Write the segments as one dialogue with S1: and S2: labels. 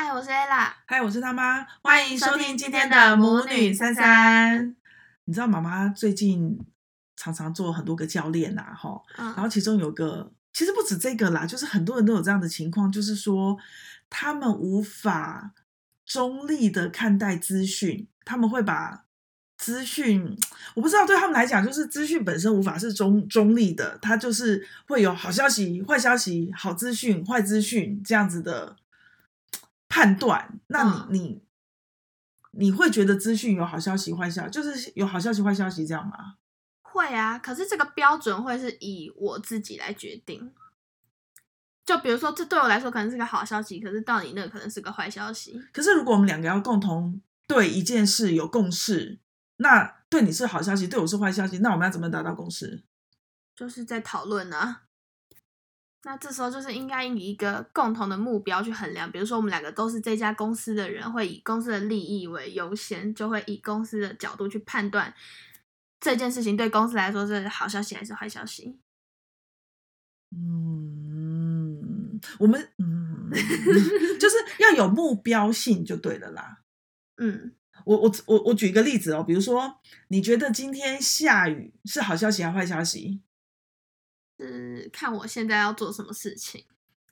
S1: 嗨，我是
S2: Ella。嗨，我是他媽。歡迎收聽，今天的母女三三收聽今天的母女三三。你知道媽媽最近常常做很多個教練吶，吼、嗯，然後其中有個，其實不止這個啦，就是很多人都有這樣的情況，就是說他們無法中立的看待資訊，他們會把資訊，我不知道對他們來講，就是資訊本身無法是中中立的，它就是會有好消息、壞消息、好資訊、壞資訊這樣子的。判斷，那你、哦、你你會覺得資訊有好消息壞消息，就是有好消息壞消息這樣嗎？
S1: 會啊，可是這個標準會是以我自己來決定。就比如說，這對我來說可能是個好消息，可是到你那可能是個壞消
S2: 息。可是如果我們兩個要共同對一件事有共識，那對你是好消息，對我是壞消息，那我們要怎麼達到共識？
S1: 就是在討論啊。那這時候就是應該以一個共同的目標去衡量，比如說我們兩個都是這家公司的人，會以公司的利益為優先，就會以公司的角度去判斷這件事情對公司來說是好消息還是壞消息。
S2: 嗯，我們嗯， 就是要有目標性就對了啦。嗯，我我我我舉一個例子哦，比如說你覺得今天下雨是好消息還是壞消息？
S1: 是、呃、看我現在要做什麼事情。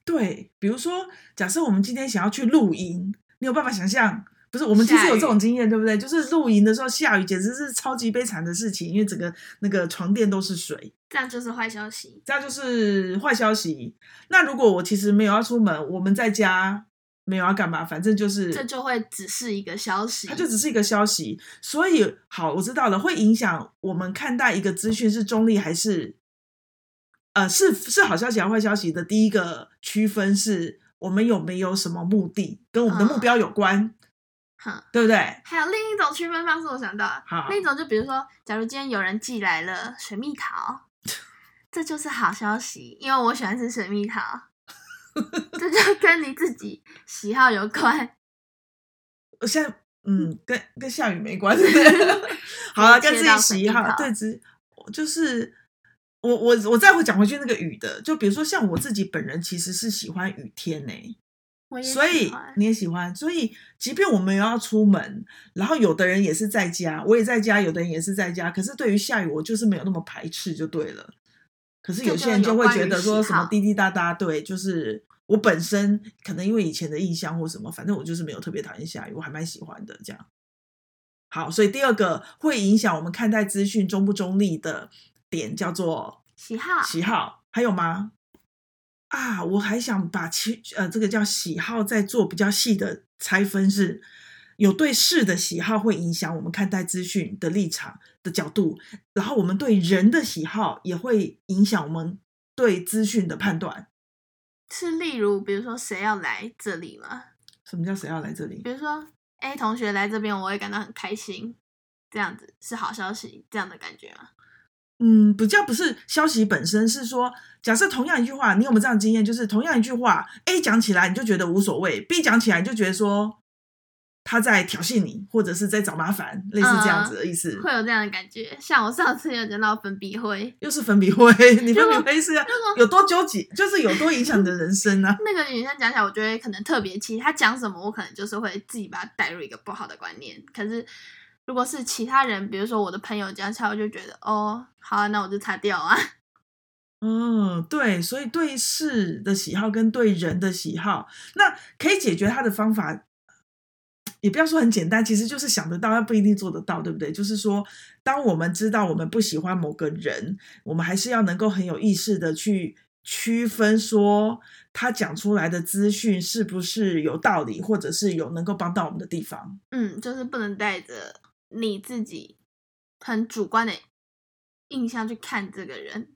S2: 對，比如說，假設我們今天想要去露營，你有辦法想象？不是，我們其實有這種經驗，對不對？就是露營的時候下雨，簡直是超級悲慘的事情，因為整個那個床墊都是水。
S1: 這樣就是壞消息。
S2: 這樣就是壞消息。那如果我其實沒有要出門，我們在家沒有要幹嘛，反正就是這
S1: 就會只是一個消息。它就只是一
S2: 個消息。所以，好，我知道了，會影響我們看待一個資訊是中立還是。呃，是是好消息還是壞消息的第一個區分，是我們有沒有什麼目的，跟我們的目標有關，嗯，對不對？
S1: 還有另一種區分方式，我想到了好，另一種，就比如說，假如今天有人寄來了水蜜桃， 這就是好消息，因為我喜歡吃水蜜桃， 這就跟你自己喜好有關。
S2: 我現在嗯，嗯，跟跟下雨沒關係， 好了，啊，跟自己喜好對，只就是。我我我再會講回去那個雨的，就比如說像我自己本人其實是喜歡雨天呢、欸，所以你也喜歡，所以即便我沒有要出門，然後有的人也是在家，我也在家，有的人也是在家，可是對於下雨我就是沒有那麼排斥，就對了。可是有些人就會覺得說什麼滴滴答答，對，就是我本身可能因為以前的印象或什麼，反正我就是沒有特別討厭下雨，我還蠻喜歡的這樣。好，所以第二個會影響我們看待資訊中不中立的點叫做喜好，喜好還有嗎？啊，我還想把其呃，這個叫喜好，再做比較細的拆分，是有對事的喜好會影響我們看待資訊的立場的角度，然後我們對人的喜好也會影響我們對資訊的判斷。
S1: 是例如，比如說誰要來這裡嗎？
S2: 什麼叫誰要來這裡？比
S1: 如說 A 同學來這邊，我會感到很開心，這樣子是好消息，這樣的感覺嗎？
S2: 嗯，比較不是消息本身，是說假設同樣一句話，你有沒有這樣經驗？就是同樣一句話，A 講起來你就覺得無所謂，B 講起來你就覺得說他在挑釁你，或者是在找麻煩，類似這樣子的意思。嗯，會
S1: 有這樣的感覺，像我上次有講到粉筆灰，
S2: 又是粉筆灰，你粉筆灰是有多糾結，就是有多影響你的人生呢？啊？
S1: 那個女生講起來，我覺得可能特別氣，她講什麼，我可能就是會自己把她帶入一個不好的觀念，可是。如果是其他人，比如說我的朋友這樣子，我就覺得哦，好啊，那我就擦掉啊。
S2: 嗯，對，所以對事的喜好跟對人的喜好，那可以解決他的方法，也不要說很簡單，其實就是想得到，他不一定做得到，對不對？就是說，當我們知道我們不喜歡某個人，我們還是要能夠很有意識的去區分，說他講出來的資訊是不是有道理，或者是有能夠幫到我們的地方。
S1: 嗯，就是不能帶着。你自己很主觀的印象去看這個人，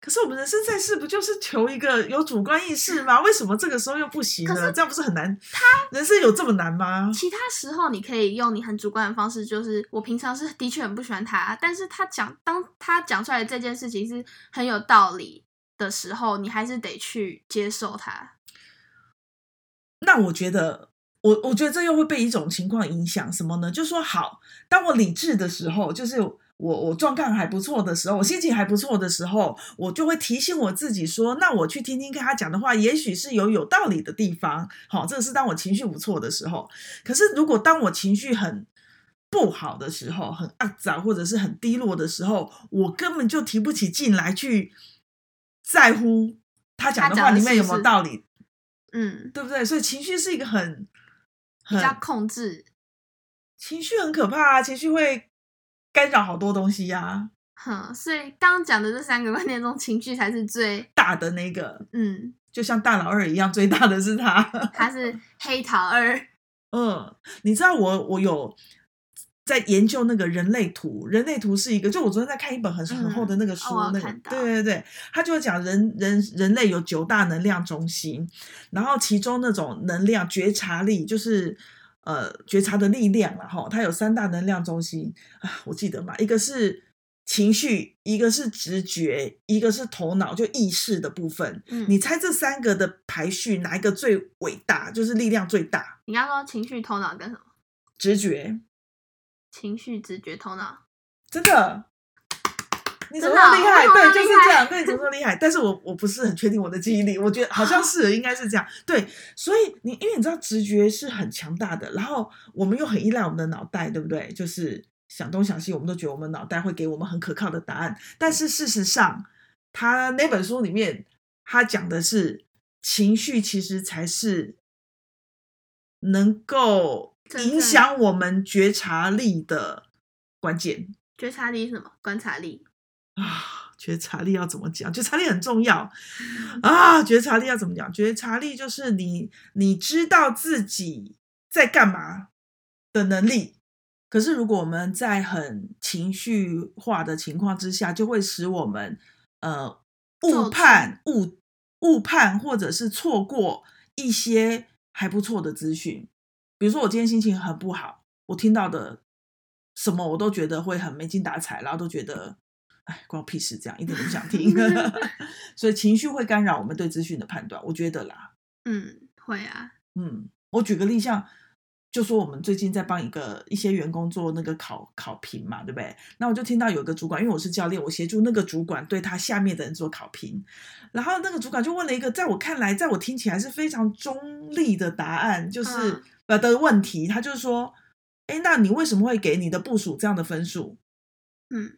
S2: 可是我們人生在世不就是求一個有主觀意識嗎？為什麼這個時候又不行呢？可是這樣不是很難？他人生有這麼難嗎？其
S1: 他時候你可以用你很主觀的方式，就是我平常是的確很不喜歡他，但是他講，當他講出來這件事情是很有道理的時候，你還是得去接受他。
S2: 那我覺得。我我覺得這又會被一種情況影響。什麼呢？就說好，當我理智的時候，就是我我狀況還不錯的時候，我心情還不錯的時候，我就會提醒我自己說，那我去聽聽看他講的話，也許是有有道理的地方。好，這是當我情緒不錯的時候。可是如果當我情緒很不好的時候，很骯髒或者是很低落的時候，我根本就提不起勁來去在乎他講的話裡面有沒有道理。嗯，對不對？所以情緒是一個很。比較控制情緒很可怕啊，情緒會干擾好多東西呀、啊。
S1: 哼、嗯，所以剛剛講的這三個觀念中，情緒才是最
S2: 大的那個。
S1: 嗯，
S2: 就像大老二一樣，最大的是他， 他是黑桃二。 嗯，你知道我，我有。在研究那個人類圖，人類圖是一個，就我昨天在看一本很很厚的那個書，嗯、那個、哦、對對對，他就講人人人類有九大能量中心，然後其中那種能量覺察力就是呃覺察的力量了吼，它有三大能量中心啊，我記得吧，一個是情緒，一個是直覺，一個是頭腦，就意識的部分。嗯，你猜這三個的排序哪一個最偉大，就是力量最大？你剛
S1: 剛說情緒、頭腦跟
S2: 什麼？直覺。
S1: 情緒、直覺、頭腦，
S2: 真的，你怎麼那麼厲害，啊，對，就是這樣。啊、對，你怎麼那麼厲害。但是我我不是很確定我的記憶力， 我覺得好像是應該是這樣。對，所以你因為你知道直覺是很強大的，然後我們又很依賴我們的腦袋，對不對？就是想東想西，我們都覺得我們腦袋會給我們很可靠的答案。但是事實上，他那本書裡面他講的是情緒，其實才是能夠。影響我們覺察力的關鍵，
S1: 覺察力是什麼？觀察力
S2: 啊！覺察力要怎麼講？覺察力很重要
S1: 啊！覺察
S2: 力要怎麼講？覺察力就是你你知道自己在幹嘛的能力。可是如果我們在很情緒化的情況之下，就會使我們呃誤判、誤誤判，判或者是錯過一些還不錯的資訊。比如說，我今天心情很不好，我聽到的什麼我都覺得會很沒精打采，然後都覺得，哎，關我屁事，這樣一點都不想聽。 所以情緒會干擾我們對資訊的判斷，我覺得啦，嗯，
S1: 會啊，
S2: 嗯，我舉個例像，像就說我們最近在幫一個一些員工做那個考考評嘛，對不對？那我就聽到有個主管，因為我是教練，我協助那個主管對他下面的人做考評，然後那個主管就問了一個，在我看來，在我聽起來是非常中立的答案，就是。嗯的問題，他就是說，哎、欸，那你為什麼會給你的部屬這樣的分數？嗯，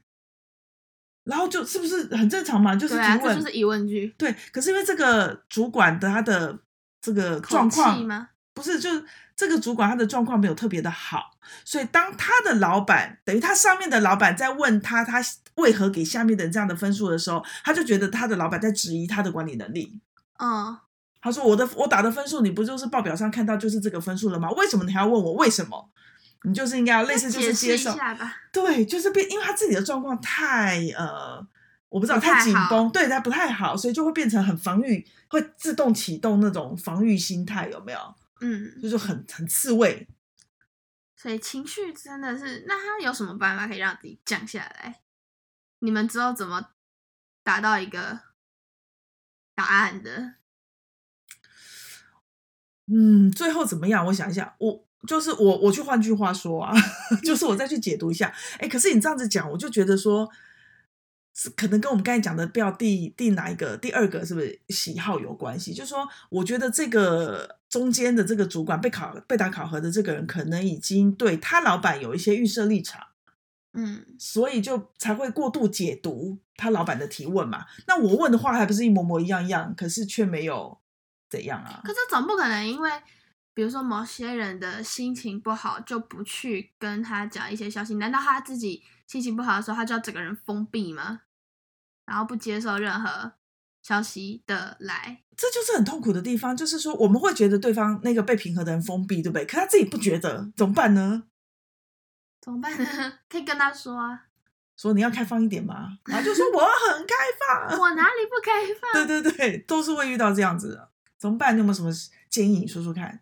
S2: 然後就是不是很正常嘛？就是主管，啊，就是疑問句，對。可是因為這個主管的他的這個狀況嗎？不是，就是這個主管他的狀況沒有特別的好，所以當他的老闆等於他上面的老闆在問他他為何給下面的這樣的分數的時候，他就覺得他的老闆在質疑他的管理能力。嗯。他說：“我的我打的分數，你不就是報表上看到就是這個分數了嗎？為什麼你還要問我為什麼？你就是應該要類似就是接受一下吧。對，就是變，因為他自己的狀況太呃，我不知道太緊繃，對他不太好，所以就會變成很防御，會自動啟動那種防御心態，有沒有？嗯，就是很很刺蝟。
S1: 所以情緒真的是，那他有什麼辦法可以讓自己降下來？你們知道怎麼達到一個答案的？”
S2: 嗯，最後怎麼樣？我想一下，我就是我，我去換句話說啊， 就是我再去解讀一下。哎、欸，可是你這樣子講，我就覺得說，可能跟我們剛才講的不要第第哪一個第二個是不是喜好有關係？就是說，我覺得這個中間的這個主管被考被打考核的這個人，可能已經對他老闆有一些預設立場，嗯，所以就才會過度解讀他老闆的提問嘛。那我問的話，還不是一模模一樣一樣，可是卻沒有。怎樣啊？可
S1: 是總不可能因為，比如說某些人的心情不好就不去跟他講一些消息。難道他自己心情不好的時候，他就要整個人封閉嗎？然後不接受任何消息的來？
S2: 這就是很痛苦的地方，就是說我們會覺得對方那個被平和的人封閉，對不對？可他自己不覺得，怎麼辦呢？
S1: 怎麼辦呢？ 可以跟他說啊，
S2: 說你要開放一點嘛 然後就說我很開放， 我哪裡不開放？ 對對對，都是會遇到這樣子的。怎麼辦？你有沒有什麼建議？你說說看，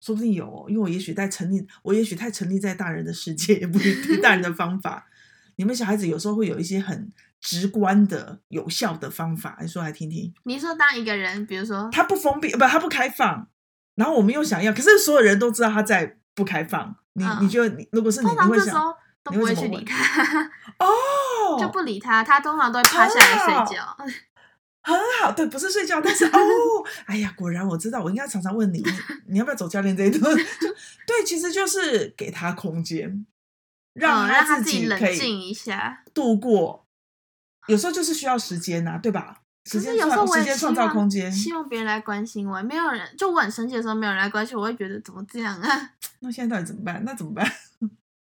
S2: 說不定有，因為我也許太沉溺，我也許太沉溺在大人的世界，也不一定。大人的方法， 你們小孩子有時候會有一些很直觀的、有效的方法，你說來聽聽。
S1: 你說，當一個人，比如說
S2: 他不封閉，不，他不開放，然後我們又想要，可是所有人都知道他在不開放，你、哦、你就你，如果是你，通常這時候都不會,想你會,怎麼都不會去理他，哦 ，oh! 就
S1: 不理他，他通常都會趴下來睡覺。Oh! Oh!
S2: 很好，對，不是睡覺，但是哦，哎呀，果然我知道，我應該常常問你，你，你要不要走教練這一段？對，其實就是給他空間，讓他自己、哦、他自己冷靜一下，度過。有時候就是需要時間呐、啊，對吧？時間創，是有時候我也時間創造空間希，希
S1: 望別人來關心我，沒有人就我很生氣的時候，沒有人來關心，我會覺得怎麼這樣啊？
S2: 那現在到底怎麼辦？那怎麼辦？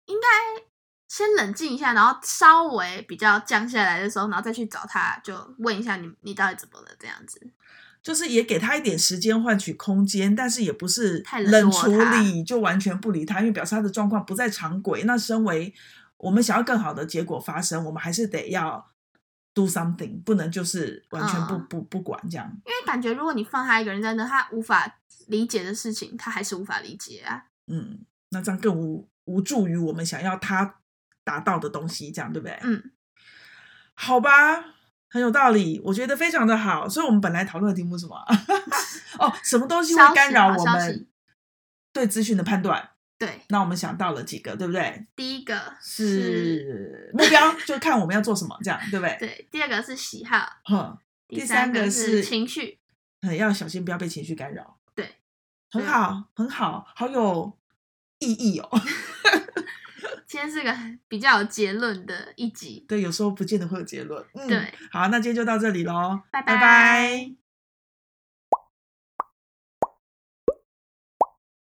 S1: 應該。先冷靜一下，然後稍微比較降下來的時候，然後再去找他，就問一下你，你到底怎麼了？這樣子，
S2: 就是也給他一點時間換取空間，但是也不是冷處理太冷就完全不理他，因為表示他的狀況不在常軌。那身為我們想要更好的結果發生，我們還是得要 do something，不能就是完全不、嗯、不不管這樣。因
S1: 為感覺如果你放他一個人，在那，他無法理解的事情，他還是無法理解啊。嗯，
S2: 那這樣更無無助於我們想要他。達到的東西，這樣對不對？嗯，好吧，很有道理，我覺得非常的好。所以，我們本來討論的題目是什麼？ 哦，什麼東西會干擾我們對資訊的判斷？對，那我們想到了幾個，對不對？第一個是目標，就看我們要做什麼，這樣對不對？
S1: 對。第二個是喜好，
S2: 哼。第三個是情緒，很、嗯、要小心，不要被情緒干擾。對。
S1: 對，
S2: 很好，很好，好有意義哦。
S1: 今天是個比較有結論的一
S2: 集，對，有時候不見得會有結論。嗯，對，好，那今天就到這裡嘍，拜拜。Bye bye